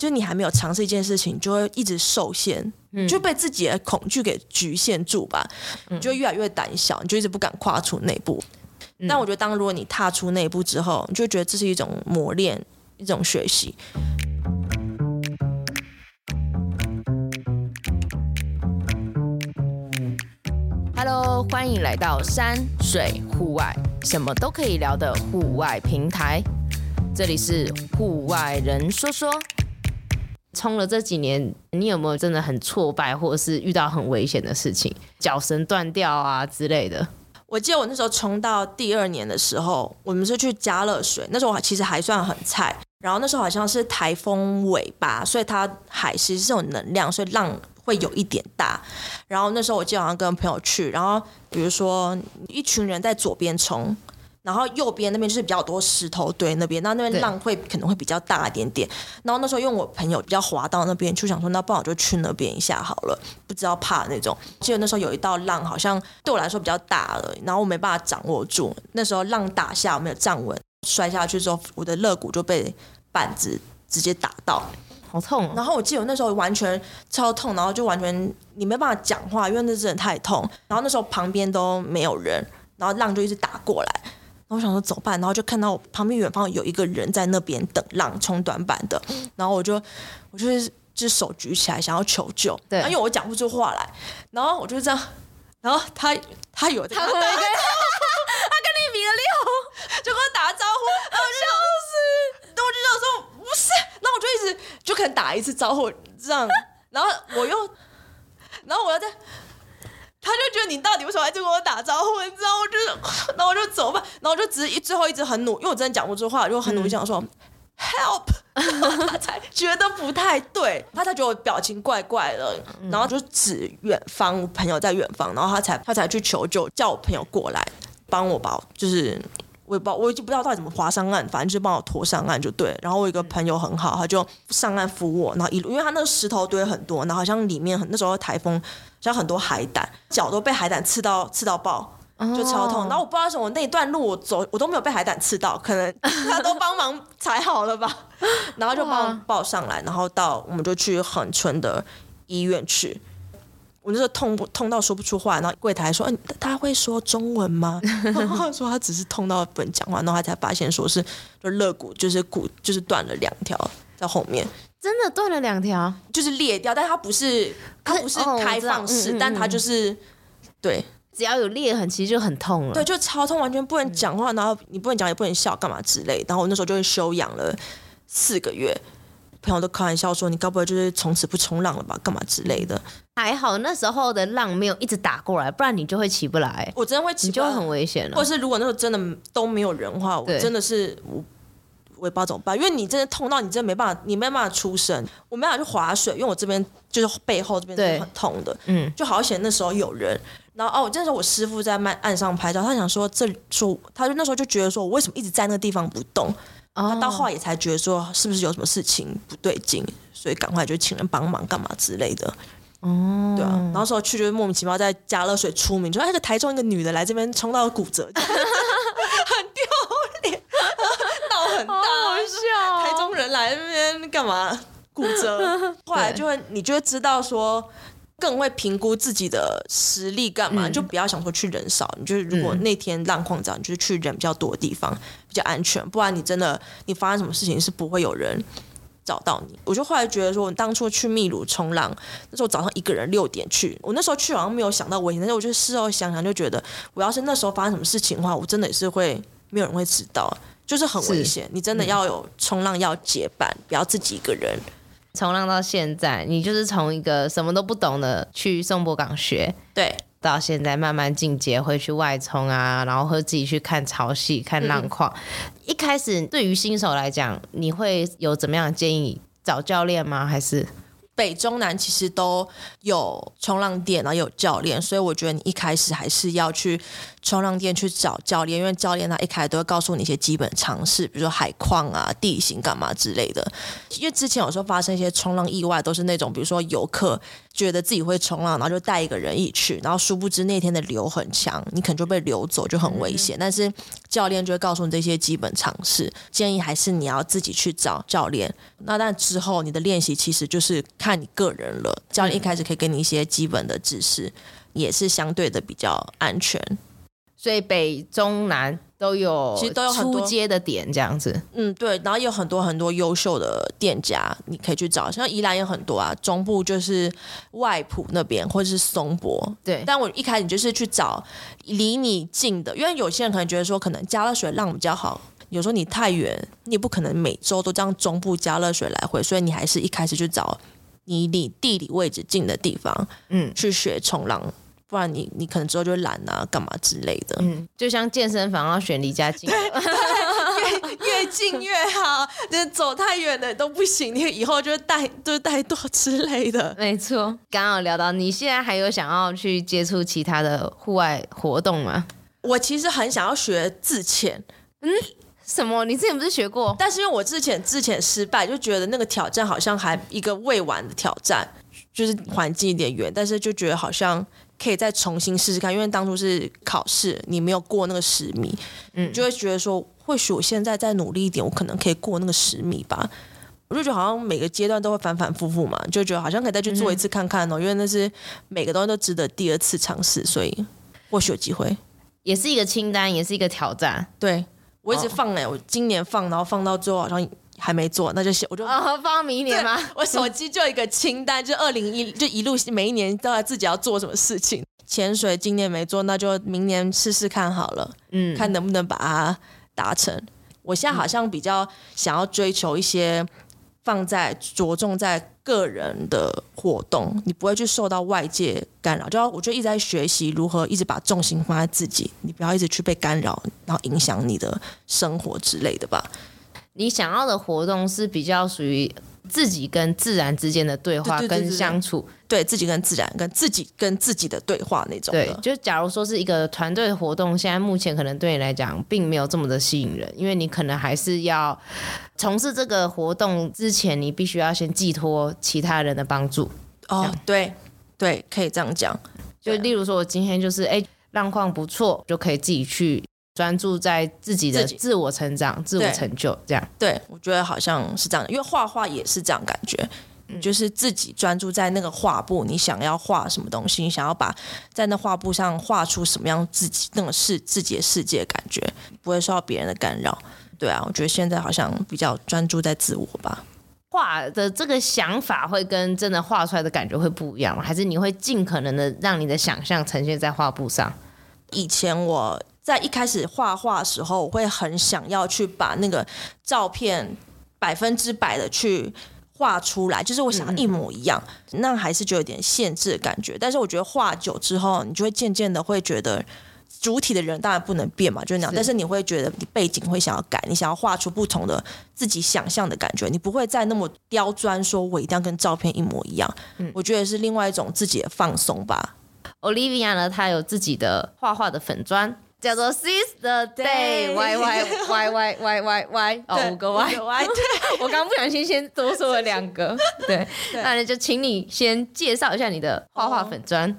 就你還沒有嘗試一件事情，就會一直受限，嗯、就被自己的恐懼給局限住吧，你、嗯、就越來越膽小，你就一直不敢跨出那步。嗯、但我覺得，當如果你踏出那步之後，你就覺得這是一種磨練，一種學習。嗯、Hello，歡迎來到山水戶外，什麼都可以聊的戶外平台，這裡是戶外人說說。衝了這幾年，你有沒有真的很挫敗，或者是遇到很危險的事情，腳繩斷掉啊之類的？我記得我那時候衝到第二年的時候，我們是去佳樂水，那時候我其實還算很菜。然後那時候好像是台風尾巴，所以它海其實是有能量，所以浪會有一點大。然後那時候我記得好像跟朋友去，然後比如說一群人在左邊衝。然後右邊那邊就是比較多石頭堆那邊，那那邊浪會對可能會比較大一點點。然後那時候因為我朋友比較滑到那邊，就想說那不然我就去那邊一下好了，不知道怕那種。記得那時候有一道浪好像對我來說比較大了，然後我沒辦法掌握住，那時候浪打下我沒有站穩，摔下去之後我的肋骨就被板子直接打到，好痛哦。然後我記得那時候完全超痛，然後就完全你沒辦法講話，因為那真的太痛。然後那時候旁邊都沒有人，然後浪就一直打過來。我想說走吧，然後就看到我旁邊遠方有一個人在那邊等浪衝短板的，然後我就我就是只手舉起來想要求救，對，因為我講不出話來，然後我就這樣，然後他他有、這個、他他跟你比個六，就跟我打招呼，然後我就想說， 就說不是，然後我就一直就可能打一次招呼這樣，然後我又，然後我要在。他就覺得你到底為什麼還不跟我打招呼？你知道，我就然後我就走吧，然後我就只最後一直很努，因為我真的講不出話，就很努力想說、嗯、help，他才覺得不太對， 他才覺得我表情怪怪的，然後就指遠方我朋友在遠方，然後他才他才去求救，叫我朋友過來幫我把我就是。我也不知道，我已經不知道到底怎麼划上岸，反正就是幫我拖上岸就對。然後我有個朋友很好，他就上岸扶我，然後一路，因為他那個石頭堆很多，然後好像裡面很那時候台風，像很多海膽，腳都被海膽刺到刺到爆，就超痛。Oh. 然後我不知道什麼那一段路我走，我都沒有被海膽刺到，可能他都幫忙踩好了吧。 然後就幫我抱上來，然後到我們就去恆春的醫院去。我那時候痛痛到說不出話，然後櫃檯說：“嗯、哎，他會說中文嗎？” 然後他說他只是痛到不能講話，然後他才發現，說是就肋骨，就是骨，就是斷了兩條，在後面真的斷了兩條，就是裂掉，但他不是他不是開放式，哦、但他就是對，只要有裂痕，其實就很痛了，對，就超痛，完全不能講話，然後你不能講，也不能笑，幹嘛之類，然後我那時候就會休養了四個月，朋友都開玩笑說：“你該不會就是從此不衝浪了吧？幹嘛之類的。”還好那時候的浪沒有一直打過來，不然你就會起不來。我真的會起，就會很危險了、啊。或者是如果那時候真的都沒有人的話，對我真的是我，我也不知道怎麼辦，因為你真的痛到你真的沒辦法，你沒辦法出聲，我沒辦法去划水，因為我這邊就是背後這邊是很痛的。嗯對，就好險那時候有人，然後哦，我那時候我師傅在慢岸上拍照，他想說這說，他就那時候就覺得說我為什麼一直在那個地方不動，哦、他到後來也才覺得說是不是有什麼事情不對勁，所以趕快就請人幫忙幹嘛之類的。哦，oh. 對啊，然後說去就莫名其妙在佳樂水出名，說哎，一個台中一個女的來這邊衝到骨折， 很丟臉臉，鬧 很大，好，好笑，台中人來這邊幹嘛？骨折，後來就會你就會知道說，更會評估自己的實力幹嘛？對就不要想說去人少，嗯、你就是如果那天浪況糟，你就是去人比較多的地方比較安全，不然你真的你發生什麼事情是不會有人。找到你，我就後來覺得說，我當初去秘魯衝浪，那時候早上一個人六點去，我那時候去好像沒有想到危險，但是我就事後想想就覺得，我要是那時候發生什麼事情的話，我真的也是會沒有人會知道，就是很危險。是你真的要有衝浪、嗯、要結伴，不要自己一個人。衝浪到現在，你就是從一個什麼都不懂的去宋博港學，對，到現在慢慢進階，會去外衝啊，然後會自己去看潮汐、看浪況。嗯一開始對於新手來講，你會有怎麼樣的建議？找教練嗎？還是北中南其實都有衝浪店，然後有教練，所以我覺得你一開始還是要去。衝浪店去找教練，因為教練他一開始都會告訴你一些基本常識，比如說海況啊、地形幹嘛之類的。因為之前有時候發生一些衝浪意外，都是那種比如說遊客覺得自己會衝浪，然後就帶一個人一起去，然後殊不知那天的流很強，你可能就被流走就很危險。嗯。但是教練就會告訴你這些基本常識，建議還是你要自己去找教練。那但之後你的練習其實就是看你個人了。教練一開始可以給你一些基本的知識，嗯。也是相對的比較安全。所以北、中、南都有，其實都有很多街的點這樣子。嗯，對。然後也有很多很多優秀的店家，你可以去找。像宜蘭也有很多啊，中部就是外埔那邊或者是松柏。對。但我一開始就是去找離你近的，因為有些人可能覺得說，可能加熱水浪比較好。有時候你太遠，你也不可能每週都這樣中部加熱水來回，所以你還是一開始去找你離地理位置近的地方，嗯，去學衝浪。不然你你可能之後就懶啊，幹嘛之類的。嗯，就像健身房要選離家近，越越近越好。就是 走太遠的都不行，你以後就、就是帶就帶多之類的。沒錯，剛剛聊到，你現在還有想要去接觸其他的戶外活動嗎？我其實很想要學自潛。嗯，什麼？你之前不是學過？但是因為我之前自潛失敗，就覺得那個挑戰好像還一個未完的挑戰，就是環境有點遠，但是就覺得好像。可以再重新試試看，因為當初是考試，你沒有過那個十米，嗯，就會覺得說，嗯、或許我現在再努力一點，我可能可以過那個十米吧。我就覺得好像每個階段都會反反复覆嘛，就覺得好像可以再去做一次看看哦、喔，嗯、哼因為那是每個東西都值得第二次嘗試，所以或許有機會，也是一個清單，也是一個挑戰。對，我一直放哎、欸，哦、我今年放，然後放到最後好像。還沒做，那就寫，我就、哦、放明年嗎？我手機就一個清單，就二零一，就一路每一年都要自己要做什麼事情。潛水今年沒做，那就明年試試看好了，嗯，看能不能把它達成。我現在好像比較想要追求一些放在着、嗯、重在個人的活動，你不會去受到外界干擾，就要我就一直在學習如何一直把重心放在自己，你不要一直去被干擾，然後影響你的生活之類的吧。你想要的活動是比較屬於自己跟自然之間的對話，跟相處。對，對，自己跟自然，跟自己跟自己的對話那種。對，就假如說是一個團隊活動，現在目前可能對你來講並沒有這麼的吸引人，因為你可能還是要從事這個活動之前，你必須要先寄托其他人的幫助。哦，對，對，可以這樣講。就例如說，我今天就是哎、欸，浪況不錯，就可以自己去。專注在自己的自我成長、自，己自我成就，對這樣對，我覺得好像是這樣，因為畫畫也是這樣感覺，嗯、就是自己專注在那個畫布，你想要畫什麼東西，你想要把在那畫布上畫出什麼樣自己那個世自己的世界的感覺，不會受到別人的干擾。對啊，我覺得現在好像比較專注在自我吧。畫的這個想法會跟真的畫出來的感覺會不一樣嗎？還是你會盡可能的讓你的想象呈現在畫布上？以前我。在一開始畫畫的時候，我會很想要去把那個照片百分之百的去畫出來，就是我想要一模一樣，嗯嗯，那還是就有點限制的感覺。但是我覺得畫久之後，你就會漸漸的會覺得主體的人當然不能變嘛，就是那樣。是但是你會覺得你背景會想要改，你想要畫出不同的自己想象的感覺，你不會再那麼刁鑽，說我一定要跟照片一模一樣。嗯，我覺得是另外一種自己的放鬆吧。Olivia 呢，她有自己的畫畫的粉專。叫做 Seas the day，歪歪歪歪歪歪歪，哦，五個歪 Y，我剛不小心先多說了兩個，對，那你就請你先介紹一下你的畫畫粉專。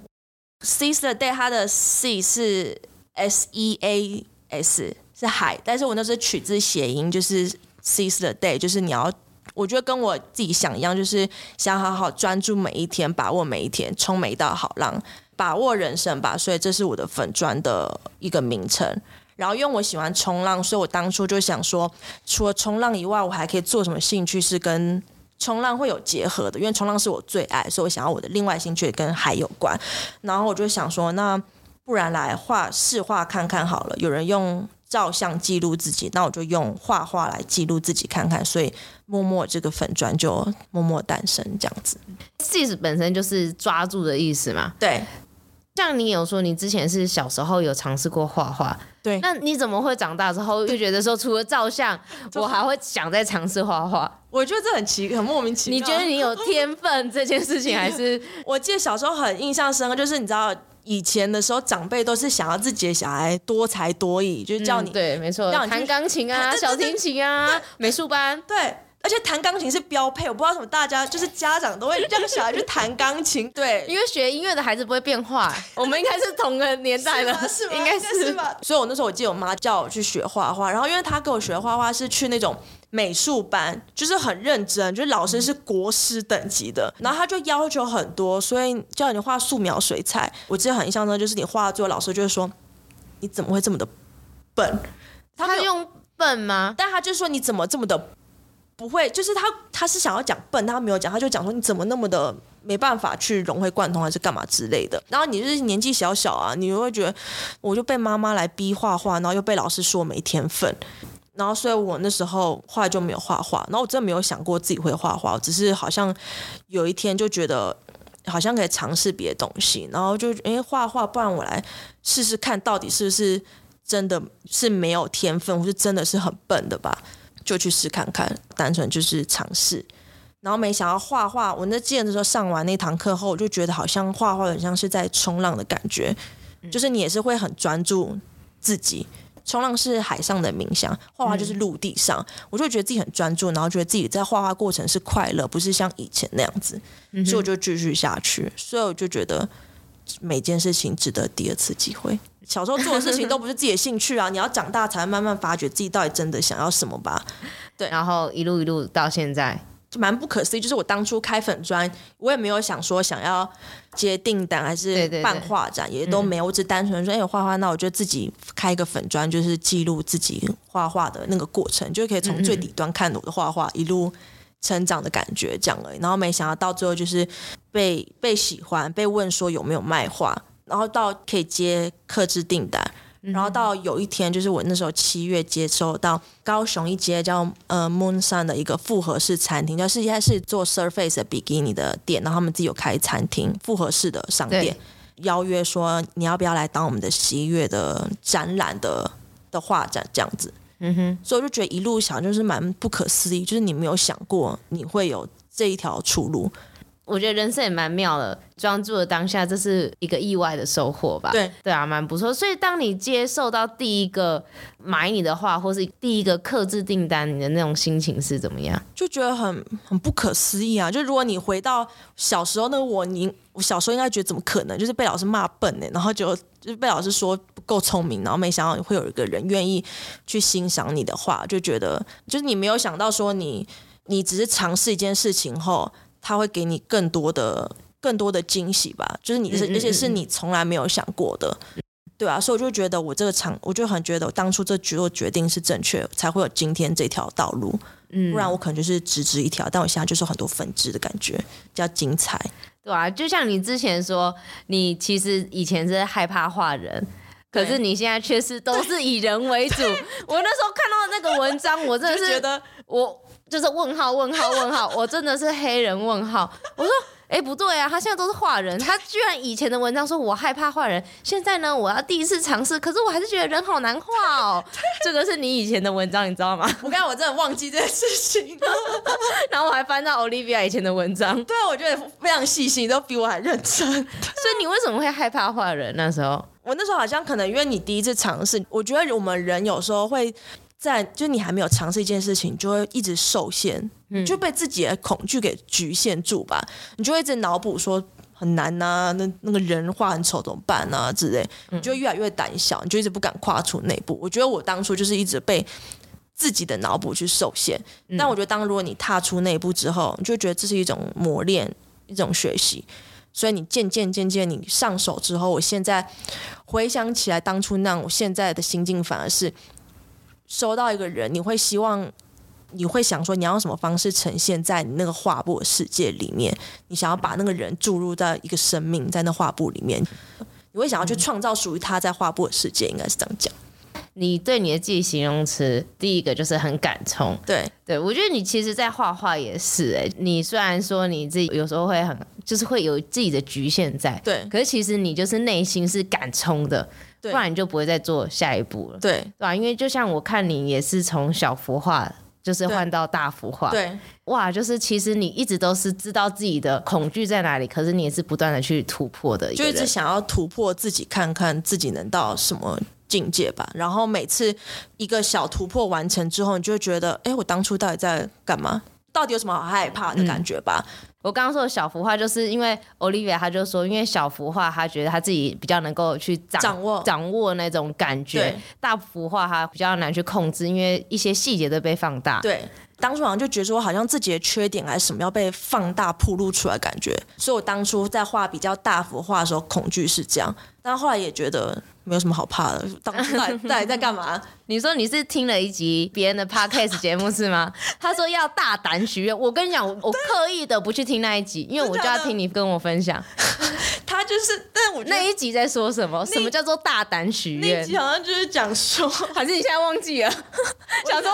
Seas the day，它的 C 是 S E A S，是海，但是我那時候取自諧音，就是 Seas the day，就是你要。我覺得跟我自己想一樣，就是想好好專注每一天，把握每一天，衝每一道好浪，把握人生吧。所以這是我的粉專的一個名稱。然後因為我喜歡衝浪，所以我當初就想說，除了衝浪以外，我還可以做什麼興趣是跟衝浪會有結合的？因為衝浪是我最愛，所以我想要我的另外興趣跟海有關。然後我就想說，那不然來畫試畫看看好了。有人用。照相記錄自己，那我就用畫畫來記錄自己看看，所以默默這個粉專就默默誕生這樣子。seize 本身就是抓住的意思嘛，對。像你有說你之前是小時候有嘗試過畫畫，對。那你怎麼會長大之後對又覺得說除了照相，就我還會想再嘗試畫畫？我覺得這很奇，很莫名其妙。你覺得你有天分這件事情，還是 我記得小時候很印象深刻，就是你知道。以前的時候，長輩都是想要自己的小孩多才多藝，就是叫你、嗯、對，沒錯，讓你彈鋼琴啊，啊啊小提琴啊，啊美術班對，而且彈鋼琴是標配。我不知道怎麼大家就是家長都會叫小孩去彈鋼琴，對， 對因為學音樂的孩子不會變壞。 我們應該是同個年代的，是嗎？應該是，是吧。所以，我那時候我記得我媽叫我去學畫畫，然後因為她跟我學畫畫是去那種。美術班就是很認真，就是老師是國師等級的，然後他就要求很多，所以叫你畫素描、水彩。我記得很印象深，就是你畫作老師就是說：“你怎麼會這麼的笨？”他，他用笨嗎？但他就是說：“你怎麼這麼的不會？”就是他他是想要講笨，他沒有講，他就講說：“你怎麼那麼的沒辦法去融會貫通，還是幹嘛之類的？”然後你就是年紀小小啊，你就會覺得我就被媽媽來逼畫畫，然後又被老師說沒天分。然後，所以我那時候畫就沒有畫畫。然後我真的沒有想過自己會畫畫，我只是好像有一天就覺得好像可以嘗試別的東西，然後就因為畫畫，不然我來試試看，到底是不是真的是沒有天分，或是真的是很笨的吧？就去試看看，單純就是嘗試。然後沒想到畫畫，我那記得那時候上完那堂課後，我就覺得好像畫畫很像是在衝浪的感覺，就是你也是會很專注自己。衝浪是海上的冥想，畫畫就是陸地上，嗯、我就會覺得自己很專注，然後覺得自己在畫畫過程是快樂，不是像以前那樣子，所以我就繼續下去。嗯、哼所以我就覺得每件事情值得第二次機會。小時候做的事情都不是自己的興趣啊， 你要長大才會慢慢發覺自己到底真的想要什麼吧。對，然後一路一路到現在。就蠻不可思議，就是我當初開粉專，我也沒有想說想要接訂單，還是辦畫展，對對對，也都沒有。嗯、我只單純說哎畫畫，那我就自己開一個粉專，就是記錄自己畫畫的那個過程，就可以從最底端看我的畫畫、嗯嗯、一路成長的感覺這樣而已。然後沒想到到最後就是被被喜歡，被問說有沒有賣畫，然後到可以接客製訂單。然後到有一天，就是我那時候七月接收到高雄一間叫呃、Moon Sun 的一個複合式餐廳，就是一間是做 Surface 比基尼的店，然後他們自己有開餐廳複合式的商店，對邀約說你要不要來當我們的七月的展覽的的畫展這樣子，嗯哼，所以我就覺得一路想就是蠻不可思議，就是你沒有想過你會有這一條出路。我覺得人生也蠻妙的，專注了當下，這是一個意外的收穫吧。對，對啊，蠻不錯。所以，當你接受到第一個買你的畫，或是第一個客製訂單，你的那種心情是怎麼樣？就覺得很很不可思議啊！就如果你回到小時候那個我你，你我小時候應該覺得怎麼可能？就是被老師罵笨呢、欸，然後就就是、被老師說不夠聰明，然後沒想到會有一個人願意去欣賞你的畫，就覺得就是你沒有想到說你你只是嘗試一件事情後。他會給你更多的、更多的驚喜吧，就是你是，嗯嗯嗯，而且是你從來沒有想過的，對啊。所以我就覺得，我這個場，我就很覺得，我當初這局的決定是正確，才會有今天這條道路。嗯，不然我可能就是直直一條，但我現在就是有很多分支的感覺，比較精彩，對啊，就像你之前說，你其實以前是害怕畫人，對可是你現在卻是都是以人為主。我那時候看到那個文章， 我真的是覺得我。就是問號問號問號，我真的是黑人問號。我說，哎、欸，不對啊，他現在都是畫人，他居然以前的文章說我害怕畫人，現在呢，我要第一次嘗試，可是我還是覺得人好難畫哦、喔。這個是你以前的文章，你知道嗎？我剛才我真的忘記這件事情， 然後我還翻到 Olivia 以前的文章。對啊，我覺得非常細心，都比我還認真。 所以你為什麼會害怕畫人？那時候我那時候好像可能因為你第一次嘗試，我覺得我們人有時候會。在，就是你還沒有嘗試一件事情，你就會一直受限，嗯、就被自己的恐懼給侷限住吧。你就會一直腦補說很難啊，那那個人畫很醜怎麼辦啊之類，你、嗯、就越來越膽小，你就一直不敢跨出那一步。我覺得我當初就是一直被自己的腦補去受限，嗯、但我覺得當如果你踏出那一步之後，你就覺得這是一種磨練，一種學習。所以你漸漸漸漸你上手之後，我現在回想起來當初那我現在的心境反而是。收到一個人，你會希望，你會想說，你要用什麼方式呈現在你那個畫布的世界裡面？你想要把那個人注入到一個生命在那畫布裡面，你會想要去創造屬於他在畫布的世界，應該是這樣講。你對你的自己的形容詞，第一個就是很敢衝。對，對我覺得你其實，在畫畫也是欸，你雖然說你自己有時候會很，就是會有自己的局限在。對。可是其實你就是內心是敢衝的，對，不然你就不會再做下一步了。對，對吧？因為就像我看你也是從小幅畫，就是換到大幅畫。對。哇，就是其實你一直都是知道自己的恐懼在哪裡，可是你也是不斷的去突破的一個人，就是想要突破自己，看看自己能到什麼。境界吧，然後每次一個小突破完成之後，你就會覺得，哎，我當初到底在幹嘛？到底有什麼好害怕的感覺吧？嗯，我剛剛說的小幅畫，就是因為 Olivia 她就說，因為小幅畫她覺得她自己比較能夠去掌，掌握掌握那種感覺，對大幅畫她比較難去控制，因為一些細節都被放大。對。當初好像就覺得說我好像自己的缺點還是什麼要被放大曝露出來的感覺，所以我當初在畫比較大幅畫的時候恐懼是這樣，但後來也覺得沒有什麼好怕的，到底在。 在在在幹嘛？你說你是聽了一集別人的 podcast 節目是嗎？ 他說要大膽許願，我跟你講，我我刻意的不去聽那一集，因為我就要聽你跟我分享。 就是，但是我覺得那一集在說什麼？你什麼叫做大膽許願？那一集好像就是講說，還是你現在忘記了？時 說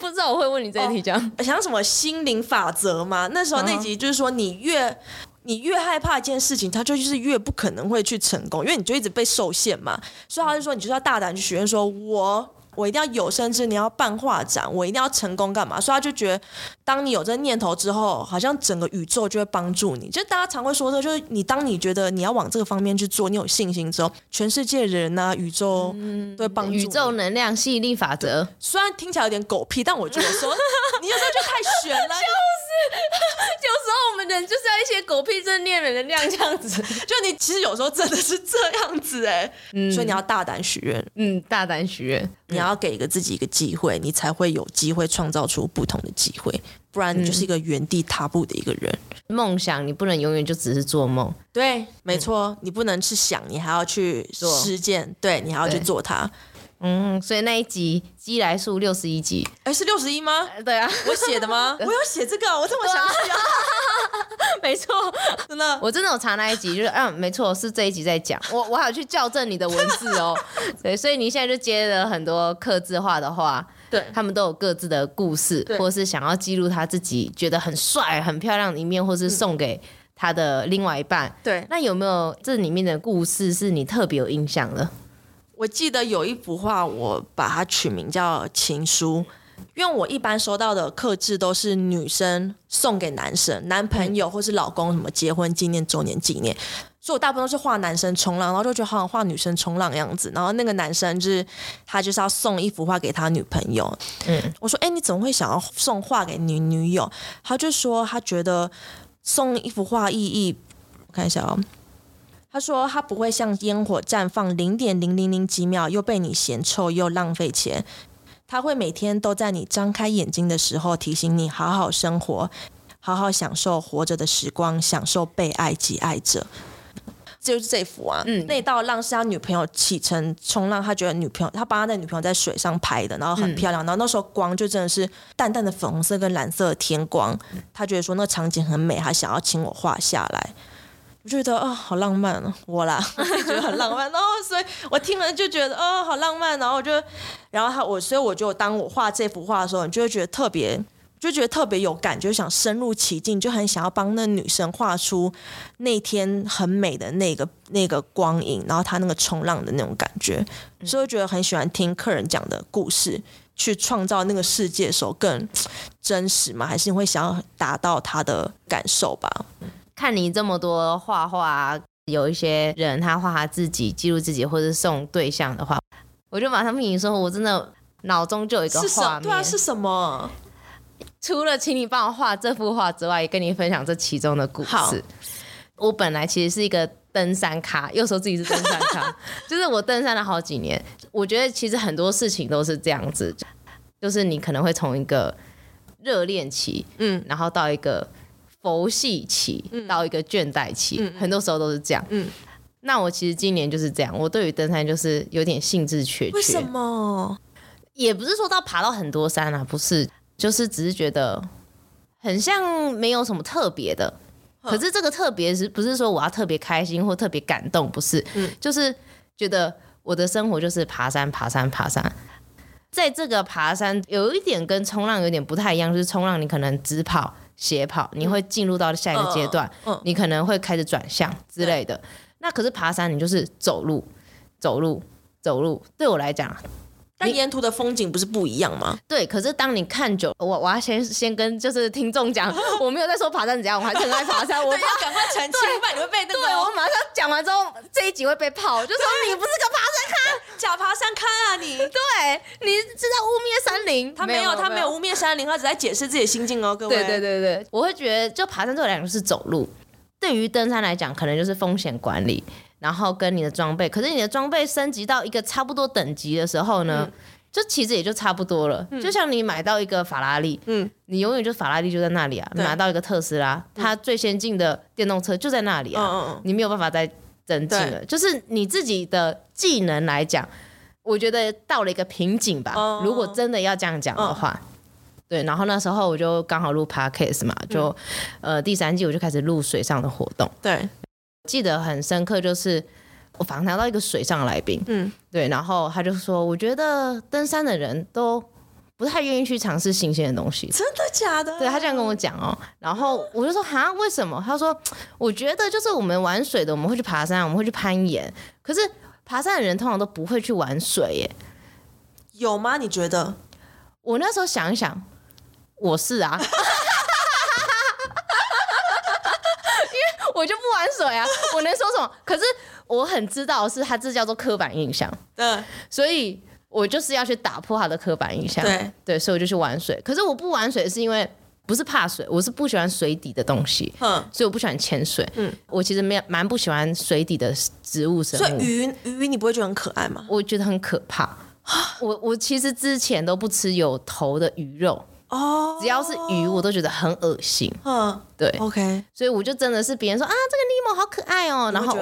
不知道我會問你這一題這、哦，講想什麼心靈法則嘛？那時候那集就是說，你越你越害怕一件事情，它就是越不可能會去成功，因為你就一直被受限嘛。所以他就說，你就要大膽去許願，說我。我一定要有生之年要辦畫展，我一定要成功幹嘛？所以他就覺得，當你有這個念頭之後，好像整個宇宙就會幫助你。就大家常會說的，就是你當你覺得你要往這個方面去做，你有信心之後，全世界人吶、啊，宇宙都會幫助你、嗯。宇宙能量吸引力法則，雖然聽起來有點狗屁，但我覺得說， 你有時候就太玄了。 有時候我們人就是要一些狗屁正念的能量，這樣子。就你其實有時候真的是這樣子哎、欸，嗯、所以你要大膽許願，嗯，大膽許願，你要給一個自己一個機會，你才會有機會創造出不同的機會，不然你就是一個原地踏步的一個人。夢、嗯、想你不能永遠就只是做夢，對，嗯、沒錯，你不能去想，你還要去實踐，做對你還要去做它。嗯，所以那一集《雞來數》六十一集，哎、欸，是六十一嗎、呃？對啊，我寫的嗎？ 我有寫這個，我這麼想寫啊？對啊 沒錯錯，真的，我真的有查那一集，就是嗯、啊，沒錯，是這一集在講我，我還有去校正你的文字哦、喔。 對，所以你現在就接了很多客製化，的話，對，他們都有各自的故事，對或是想要記錄他自己覺得很帥、很漂亮的一面，或是送給他的另外一半。對、嗯，那有沒有這裡面的故事是你特別有印象的？我記得有一幅畫，我把它取名叫《情書》，因為我一般收到的客製都是女生送給男生，男朋友或是老公什麼結婚紀念、週年紀念，年念嗯，所以我大部分都是畫男生衝浪，然後就覺得好像畫女生衝浪的樣子，然後那個男生就是他就是要送一幅畫給他女朋友，嗯，我說，哎、欸，你怎麼會想要送畫給女女友？他就說他覺得送一幅畫意義，我看一下哦。他說：“他不會像煙火綻放零點零零零幾秒，又被你嫌臭又浪費錢。他會每天都在你張開眼睛的時候提醒你好好生活，好好享受活着的時光，享受被愛及愛著。”就是這一幅啊，嗯，那一道浪是他女朋友啟程衝浪，他覺得女朋友他幫他的女朋友在水上拍的，然後很漂亮。嗯、然後那時候光就真的是淡淡的粉紅色跟藍色的天光，他覺得說那場景很美，他想要請我畫下來。我覺得啊、哦，好浪漫啊！我啦，我也覺得很浪漫哦， 然後所以我聽了就覺得啊、哦，好浪漫。然後我就，然後他我，所以我就當我畫這幅畫的時候，你就會覺得特別，就覺得特別有感覺，想深入其境，就很想要幫那女生畫出那天很美的那個那個光影，然後她那個衝浪的那種感覺。所以覺得很喜歡聽客人講的故事，去創造那個世界的時候更真實嘛，還是你會想要達到她的感受吧？看你這麼多畫畫，有一些人他畫他自己，記錄自己，或者是送對象的話，我就馬上命。你說，我真的腦中就有一個畫面。對啊，是什麼？除了請你幫我畫這幅畫之外，也跟你分享這其中的故事。好我本來其實是一個登山咖，又說自己是登山咖， 就是我登山了好幾年。我覺得其實很多事情都是這樣子，就是你可能會從一個熱戀期，嗯，然後到一個。遊戲期到一個倦怠期，嗯、很多時候都是這樣。嗯、那我其實今年就是這樣，我對於登山就是有點興致缺缺。為什麼？也不是說到爬到很多山啊，不是，就是只是覺得很像沒有什麼特別的。呵可是這個特別是不是說我要特別開心或特別感動？不是，嗯、就是覺得我的生活就是爬山、爬山、爬山。在這個爬山有一點跟衝浪有點不太一樣，就是衝浪你可能只跑，斜跑，你會進入到下一個階段，嗯嗯、你可能會開始轉向之類的。對那可是爬山，你就是走路，走路，走路。對我來講，但沿途的風景不是不一樣嗎？對，可是當你看久了，我我要先先跟就是聽眾講，我沒有在說爬山怎樣，我還真愛爬山。我怕 要趕快澄清，不然你會被那個，對，我馬上講完之後，這一集會被泡，就說你不是個爬山。假爬山看啊你，對你是在污蔑山林，他沒有他沒有污蔑山林，他只在解釋自己的心境哦，各位。對對對對，我會覺得，就爬山對我來說是走路，對於登山來講，可能就是風險管理，然後跟你的裝備。可是你的裝備升級到一個差不多等級的時候呢，就其實也就差不多了。就像你買到一個法拉利，嗯，你永遠就法拉利就在那裡啊；你買到一個特斯拉，它最先進的電動車就在那裡啊，你沒有辦法再。增對就是你自己的技能來講，我覺得到了一個瓶頸吧。Oh. 如果真的要這樣講的話，oh. 對。然後那時候我就剛好錄 podcast 嘛，就、嗯、呃第三季我就開始錄水上的活動。對，記得很深刻，就是我訪談到一個水上來賓，嗯，對，然後他就說，我覺得登山的人都不太願意去嘗試新鮮的東西的，真的假的？對，他這樣跟我講哦、喔，然後我就說哈，為什麼？他說，我覺得就是我們玩水的，我們會去爬山，我們會去攀岩，可是爬山的人通常都不會去玩水耶，有嗎？你覺得？我那時候想一想，我是啊， 因為我就不玩水啊，我能說什麼？可是我很知道的是，他這叫做刻板印象，對，所以。我就是要去打破它的刻板印象，對，對，所以我就去玩水。可是我不玩水，是因為不是怕水，我是不喜歡水底的東西，哼所以我不喜歡潛水。嗯，我其實蠻蠻不喜歡水底的植物生物。所以魚魚，你不會覺得很可愛嗎？我覺得很可怕。我我其實之前都不吃有頭的魚肉。哦，只要是魚我都覺得很惡心。嗯呵，對，OK，所以我就真的是別人說啊，這個尼莫好可愛哦、喔，然後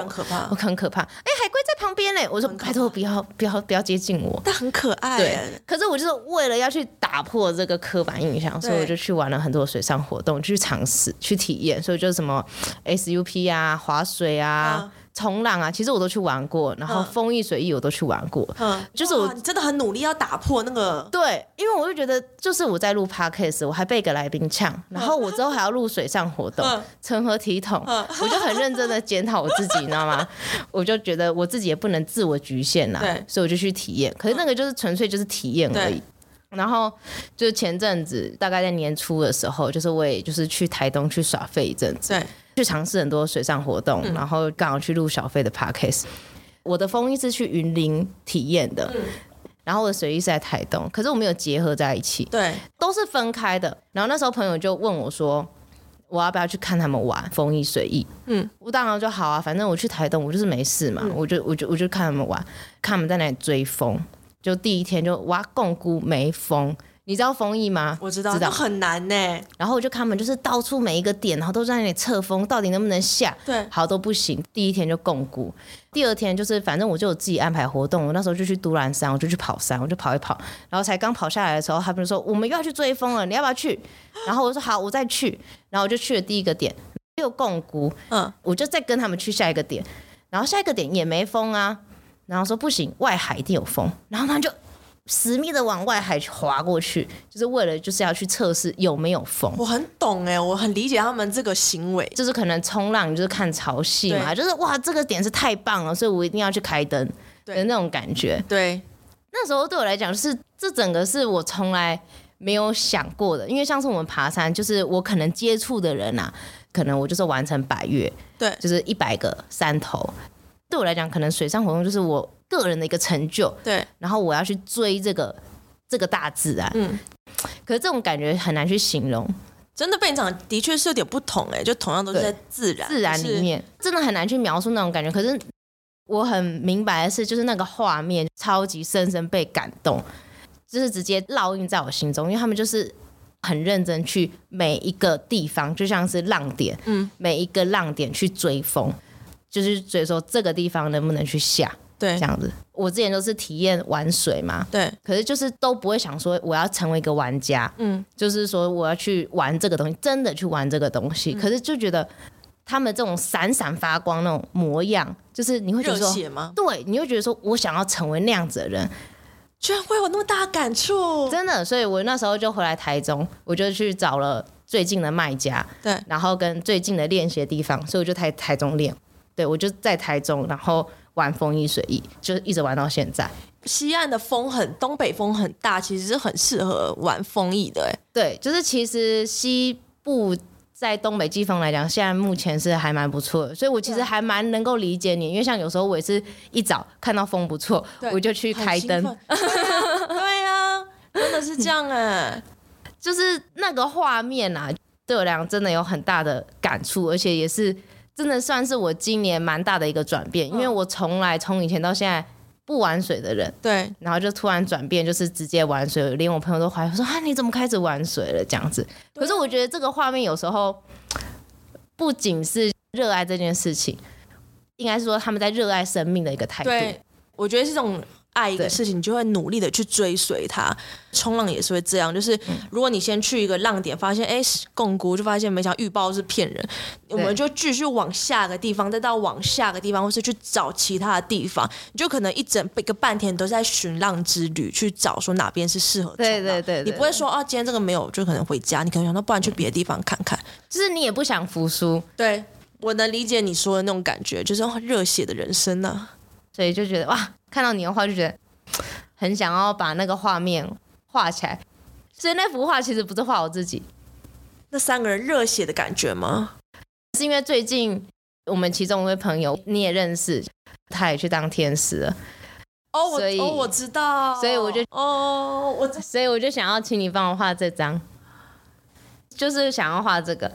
很可怕，哎、欸，海龜在旁邊嘞，我說拜託不要不要不要接近我，但很可愛、欸。對，可是我就是為了要去打破這個刻板印象，所以我就去玩了很多水上活動，對去嘗試去體驗，所以就什麼 SUP 啊，划水啊。啊衝浪啊，其實我都去玩過，然後風翼水翼我都去玩過，嗯，就是我你真的很努力要打破那個對，因為我就覺得就是我在錄 podcast 我還被一個來賓嗆，然後我之後還要錄水上活動，成何、嗯、體統？嗯、我就很認真的檢討我自己，嗯、你知道嗎？ 我就覺得我自己也不能自我侷限吶、啊，對，所以我就去體驗，可是那個就是純粹就是體驗而已。對然後就是前陣子大概在年初的時候，就是我也就是去台東去耍廢一陣子。對去嘗試很多水上活動，嗯、然後剛好去錄小飛的 podcast。我的風衣是去雲林體驗的，嗯、然後我的水衣是在台東，可是我沒有結合在一起，對，都是分開的。然後那時候朋友就問我說：“我要不要去看他們玩風衣水衣？”嗯，我當然就好啊，反正我去台東，我就是沒事嘛，嗯、我就我就我就看他們玩，看他們在那裡追風。就第一天就哇，我要共孤沒風。你知道風翼嗎？我知道，知道很難呢、欸。然後我就看他們就是到處每一個點，然後都在那裡測風，到底能不能下。對，好都不行，第一天就槓龜。第二天就是反正我就有自己安排活動。我那時候就去都蘭山，我就去跑山，我就跑一跑。然後才剛跑下來的時候，他們說，我們又要去追風了，你要不要去？然後我說好，我再去。然後我就去了第一個點，又槓龜。嗯，我就再跟他們去下一個點，然後下一個點也沒風啊。然後說不行，外海一定有風。然後他們就。死命的往外海划過去，就是為了就是要去測試有沒有風。我很懂哎、欸，我很理解他們這個行為，就是可能衝浪，就是看潮汐嘛，對就是哇，這個點是太棒了，所以我一定要去開燈，對那種感覺。對，對那時候對我來講是這整個是我從來沒有想過的，因為上次我們爬山，就是我可能接觸的人啊，可能我就是完成百岳，對，就是一百個山頭。對我來講，可能水上活動就是我個人的一個成就，對，然後我要去追這個這個大自然，嗯，可是這種感覺很難去形容，真的非常的確是有點不同哎、欸，就同樣都是在自然自然裡面，是真的很難去描述那種感覺。可是，我很明白的是，就是那個畫面超級深深被感動，就是直接烙印在我心中，因為他們就是很認真去每一個地方，就像是浪點，嗯，每一個浪點去追風，就是所以說這個地方能不能去下。對，這樣子，我之前都是體驗玩水嘛，對，可是就是都不會想說我要成為一個玩家，嗯，就是說我要去玩這個東西，真的去玩這個東西，嗯、可是就覺得他們這種閃閃發光那種模樣，就是你會覺得說熱血嗎？對，你會覺得說我想要成為那樣子的人，居然會有那麼大的感觸，真的。所以，我那時候就回來台中，我就去找了最近的賣家，對，然後跟最近的練習的地方，所以我就在台中練，對我就在台中，然後。玩風翼水翼，就是一直玩到現在。西岸的風很東北風很大，其實是很適合玩風翼的、欸。哎，對，就是其實西部在東北季風來講，現在目前是還蠻不錯的。所以我其實還蠻能夠理解你，對因為像有時候我也是，一早看到風不錯，對我就去開燈。興 對啊，真的是這樣哎、欸，就是那個畫面啊，對我來講真的有很大的感觸，而且也是。真的算是我今年蠻大的一個轉變，嗯，因為我從來從以前到現在不玩水的人，對，然後就突然轉變，就是直接玩水，連我朋友都懷疑說啊，你怎麼開始玩水了這樣子？可是我覺得這個畫面有時候不僅是熱愛這件事情，應該是說他們在熱愛生命的一個態度。對，我覺得是這種。愛一個事情，對你就會努力地去追隨它。衝浪也是會這樣，就是如果你先去一個浪點，發現哎、嗯，共估就發現沒想預報是騙人，對我們就繼續往下個地方，再到往下個地方，或是去找其他的地方。你就可能一整一個半天都在尋浪之旅，去找說哪邊是適合。對對、對對對，你不會說啊，今天這個沒有，就可能回家。你可能想到，不然去別的地方看看。嗯、就是你也不想服輸。對，我能理解你說的那種感覺，就是、哦、熱血的人生呢、啊。所以就覺得，哇，看到你的畫就覺得很想要把那個畫面畫起來。所以那幅畫其實不是畫我自己，那三個人熱血的感覺嗎？是因為最近我們其中一位朋友你也認識，他也去當天使了。哦，我所以哦我知道，所以我就哦我所以我就想要請你幫我畫這張，就是想要畫這個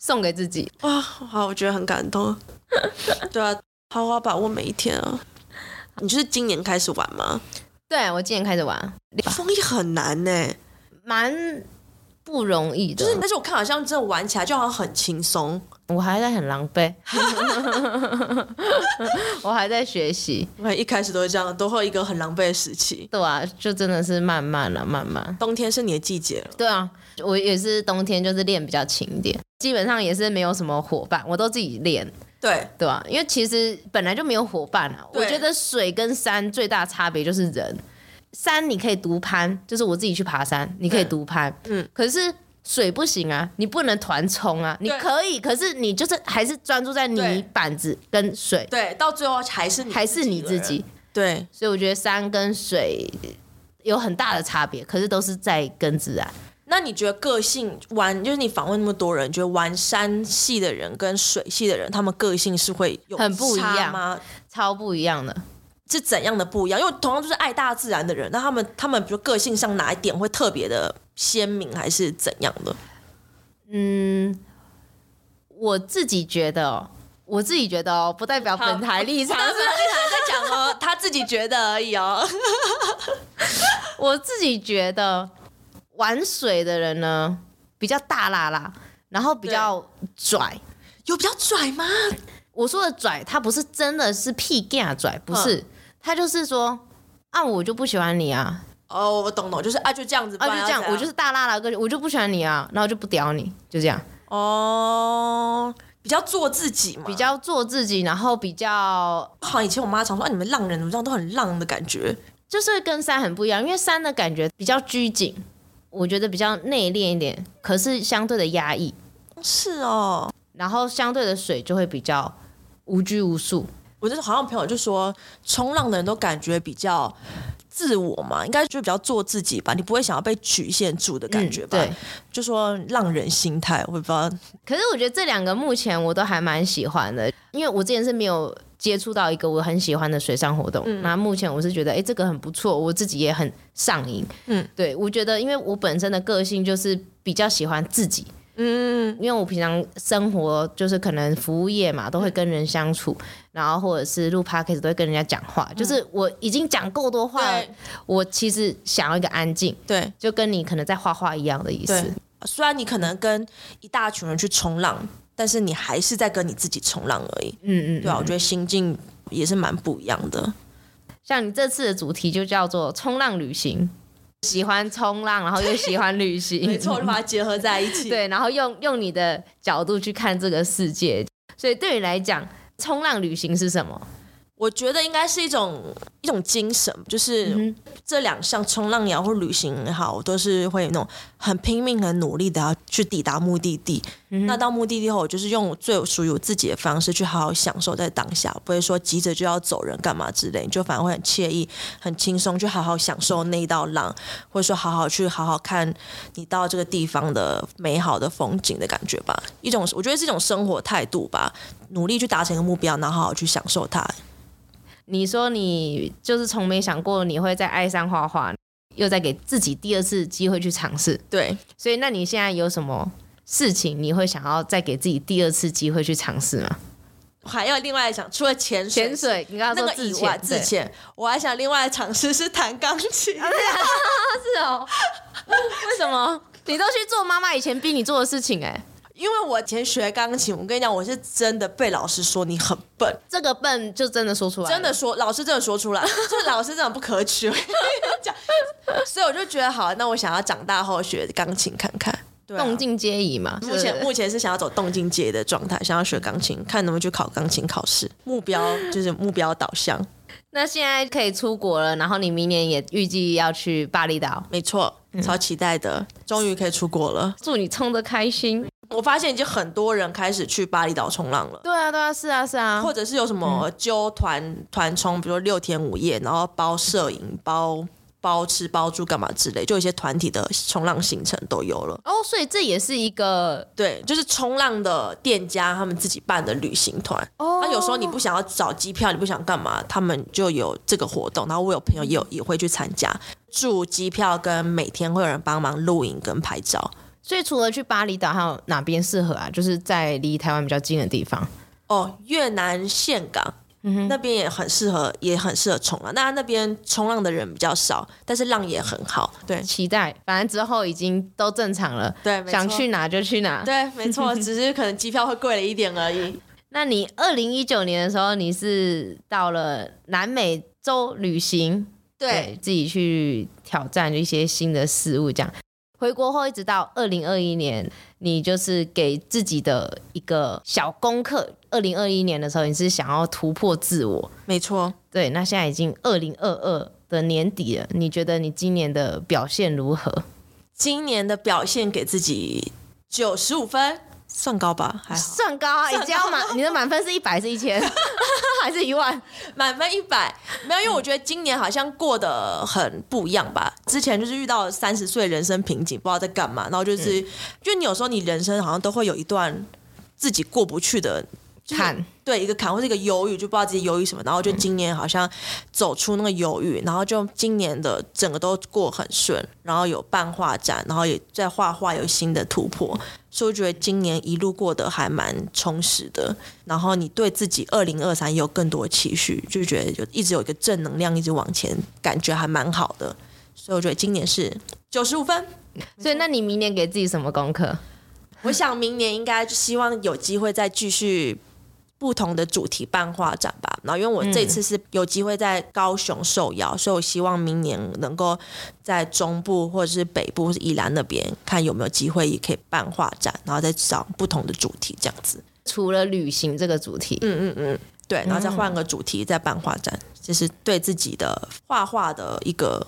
送給自己。哇，好，哦，我覺得很感動。 對啊。好好把握每一天啊！你就是今年開始玩嗎？對，我今年開始玩。風衣很難耶，蠻不容易的。就是，但是我看好像真的玩起來就好像很輕鬆。我還在很狼狽， 我還在學習。我一開始都是這樣，都會有一個很狼狽的時期。對啊，就真的是慢慢了，啊，慢慢。冬天是你的季節了。對啊，我也是冬天就是練比較勤一點，基本上也是沒有什麼夥伴，我都自己練。對對、啊、吧？因為其實本來就沒有夥伴啊。對我覺得水跟山最大差別就是人，山你可以獨攀，就是我自己去爬山，你可以獨攀。嗯對。可是水不行啊，你不能團衝啊。對你可以，可是你就是還是專注在你板子跟水。對，對，到最後還是還是你自己。對。所以我覺得山跟水有很大的差別，可是都是在跟自然。那你覺得個性玩就是你訪問那麼多人，覺得玩山系的人跟水系的人，他們個性是會有差很不一樣嗎？超不一樣的。是怎樣的不一樣？因為同樣都是愛大自然的人，那他們他們比如個性上哪一點會特別的鮮明，還是怎樣的？嗯，我自己覺得，我自己覺得，哦，不代表本台立場，是立場在講哦、喔， 他自己覺得而已哦、喔。 我自己覺得。玩水的人呢，比較大剌剌，然後比較拽，有比較拽嗎？我說的拽，他不是真的是屁干拽，不是，呵他就是說，啊，我就不喜歡你啊。哦，我懂懂，就是啊，就這樣子，啊，就這樣，啊、就這樣，我就是大剌剌個，我就不喜歡你啊，然後就不屌你，就這樣。哦，oh, 比較做自己嘛，比較做自己，然後比較，好像以前我媽常說啊，你們浪人怎麼這樣，都很浪的感覺，就是跟山很不一樣，因為山的感覺比較拘謹。我覺得比較內斂一點，可是相對的壓抑。是哦。然後相對的水就會比較無拘無束。我就是好像朋友就說，衝浪的人都感覺比較。自我嘛，應該就比較做自己吧，你不會想要被侷限住的感覺吧？嗯、對，就說浪人心態，嗯、我不知道。可是我覺得這兩個目前我都還蠻喜歡的，因為我之前是沒有接觸到一個我很喜歡的水上活動，那、嗯、目前我是覺得，哎、欸，這個很不錯，我自己也很上癮。嗯，對，我覺得因為我本身的個性就是比較喜歡自己。嗯，因為我平常生活就是可能服務業嘛，都會跟人相處，嗯、然後或者是錄 podcast 都會跟人家講話，嗯、就是我已經講夠多話，嗯、我其實想要一個安靜，對，就跟你可能在畫畫一樣的意思。對，雖然你可能跟一大群人去衝浪，但是你還是在跟你自己衝浪而已。嗯，嗯嗯，對，我覺得心境也是蠻不一樣的。像你這次的主題就叫做衝浪旅行。喜歡衝浪，然後又喜歡旅行， 沒錯，把它結合在一起。對，然後用用你的角度去看這個世界，所以對你來講，衝浪旅行是什麼？我覺得應該是一種一種精神，就是這兩項衝浪也好，或旅行也好，我都是會那種很拼命、很努力的去抵達目的地。嗯哼。那到目的地後，我就是用最屬於我自己的方式去好好享受在當下，不會說急着就要走人干嘛之類的，你就反而會很愜意、很輕鬆，去好好享受那一道浪，或者說好好去好好看你到這個地方的美好的風景的感覺吧。一種我覺得是一種生活態度吧，努力去達成一個目標，然後好好去享受它。你說你就是從沒想過你會再愛上畫畫，又在給自己第二次機會去嘗試。對，所以那你現在有什麼事情你會想要再給自己第二次機會去嘗試嗎？我還要另外想，除了潛水，潛水，你剛剛說自潛，自潛，對我還想另外嘗試是彈鋼琴。 是哦， 為什麼？你都去做媽媽以前逼你做的事情哎、欸。因為我以前學鋼琴，我跟你講，我是真的被老師說你很笨，這個笨就真的說出來，真的說，老師真的說出來，就是、老師真的不可取。 所以我就覺得好，那我想要長大後學鋼琴看看，對啊，動靜皆宜嘛。目前目前是想要走動靜皆宜的狀態，想要學鋼琴，看能不能去考鋼琴考試。目標就是目標導向。那現在可以出國了，然後你明年也預計要去巴厘島？沒錯，超期待的，終於可以出國了。祝你衝得開心。我發現已經很多人開始去巴厘島衝浪了。對啊，對啊，是啊，是啊。或者是有什麼揪團團衝，比如說六天五夜，然後包攝影、包包吃包住，幹嘛之類，就一些團體的衝浪行程都有了。哦，所以這也是一個對，就是衝浪的店家他們自己辦的旅行團。哦。那有時候你不想要找機票，你不想幹嘛，他們就有這個活動。然後我有朋友也有也會去參加，住機票跟每天會有人幫忙錄影跟拍照。所以除了去巴厘島，還有哪邊適合啊？就是在離台灣比較近的地方哦，越南岘港，嗯哼那邊也很適合，也很適合衝浪。那那邊衝浪的人比較少，但是浪也很好，對，期待。反正之後已經都正常了，對，想去哪就去哪，對，沒錯，只是可能機票會貴了一點而已。 那你二零一九年的時候，你是到了南美洲旅行，對，對自己去挑戰一些新的事物，這樣。回國後一直到二零二一年，你就是給自己的一個小功課。二零二一年的時候，你是想要突破自我，沒錯。對，那現在已經二零二二的年底了，你覺得你今年的表現如何？今年的表現給自己九十五分。算高吧，還算高啊！你只要滿，你的滿分是一百，是一千，還是一 萬？滿分一百，沒有，因為我覺得今年好像過得很不一樣吧。嗯、之前就是遇到三十歲人生瓶頸，不知道在幹嘛，然後就是，嗯、就你有時候你人生好像都會有一段自己過不去的坎。對，一個坎或是一個猶豫，就不知道自己猶豫什麼。然後就今年好像走出那個猶豫，然後就今年的整個都過很順。然後有辦畫展，然後也在畫畫有新的突破，所以我覺得今年一路過得還蠻充實的。然後你對自己二零二三也有更多期許，就覺得就一直有一個正能量一直往前，感覺還蠻好的。所以我覺得今年是九十五分。所以那你明年給自己什麼功課？ 我想明年應該就希望有機會再繼續。不同的主題辦畫展吧，然後因為我這次是有機會在高雄受邀，嗯、所以我希望明年能夠在中部或者是北部或是宜蘭那邊看有沒有機會也可以辦畫展，然後再找不同的主題這樣子。除了旅行這個主題，嗯嗯嗯，嗯嗯對，然後再換個主題再辦畫展，嗯、就是對自己的畫畫的一個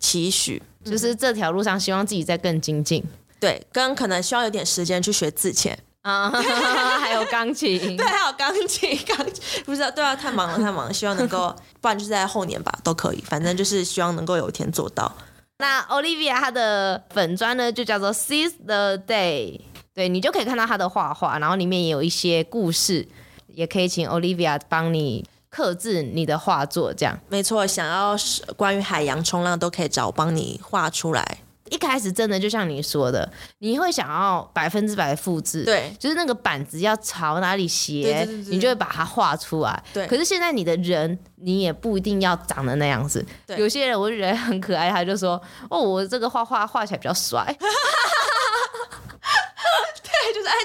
期許，就是這條路上希望自己再更精進。對，跟可能需要有點時間去學字帖。啊， 還有鋼琴， 對，還有鋼琴，鋼琴不知道、啊，對啊，太忙了，太忙了，希望能夠，不然就是在後年吧，都可以，反正就是希望能夠有一天做到。那 Olivia 她的粉專呢，就叫做 Seas the Day，對你就可以看到她的畫畫，然後裡面也有一些故事，也可以請 Olivia 幫你客製你的畫作，這樣。沒錯，想要關於海洋衝浪都可以找我幫你畫出來。一開始真的就像你說的，你會想要百分之百複製，對，就是那個板子要朝哪裡斜，對對對對，你就會把它畫出來。對，可是現在你的人，你也不一定要長得那樣子。對，有些人我覺得很可愛，他就說：“哦，我這個畫畫畫起來比較帥。”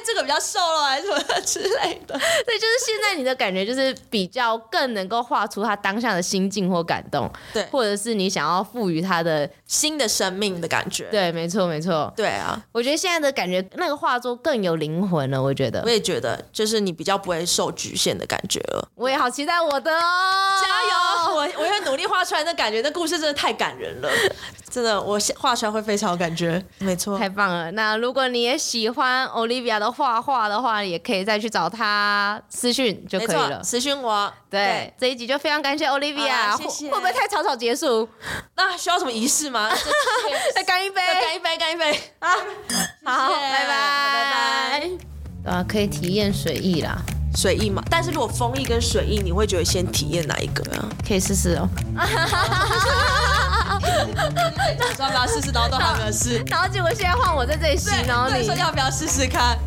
這個比較瘦了還是什麼之類的？對，就是現在你的感覺就是比較更能夠畫出他當下的心境或感動，對，或者是你想要賦予他的新的生命的感覺。對，沒錯，沒錯。對啊，我覺得現在的感覺，那個畫作更有靈魂了，我覺得。我也覺得，就是你比較不會受局限的感覺了。我也好期待我的哦。加油！我我要努力畫出來那感覺，那故事真的太感人了，真的我畫出來會非常有感覺，沒錯，太棒了。那如果你也喜歡 Olivia 的畫畫的話，也可以再去找她私訊就可以了，私訊我。對，對這一集就非常感謝 Olivia，、啊、謝謝會，會不會太草草結束？那需要什麼儀式嗎？再乾 一杯，乾一杯，乾一杯。啊，謝謝好，拜拜拜拜。拜拜啊，可以體驗水藝啦。水翼嘛，但是如果風翼跟水翼，你會覺得先體驗哪一個啊？可以試試哦，知道要試試，然後都還沒有試，然後結果現在換我在這裡試，然後你說要不要試試看？